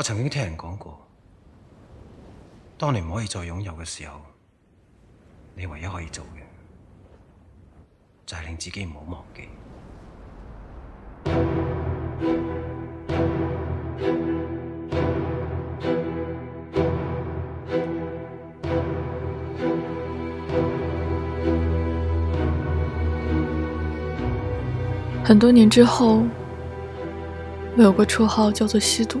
我曾經聽人講過，當你唔可以再擁有嘅時候，你唯一可以做嘅就係、是、令自己唔好忘記。很多年之後，我有個綽號叫做西毒。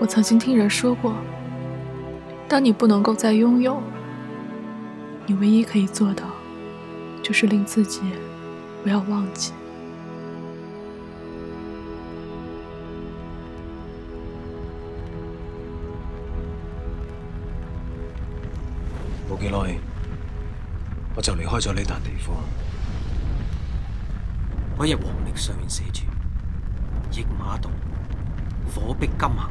我曾經聽人說過，當你不能夠再擁有，你唯一可以做的，就是令自己不要忘記。冇幾耐，我就離開咗呢笪地方。嗰日黃曆上面寫住驛馬動，火逼金行。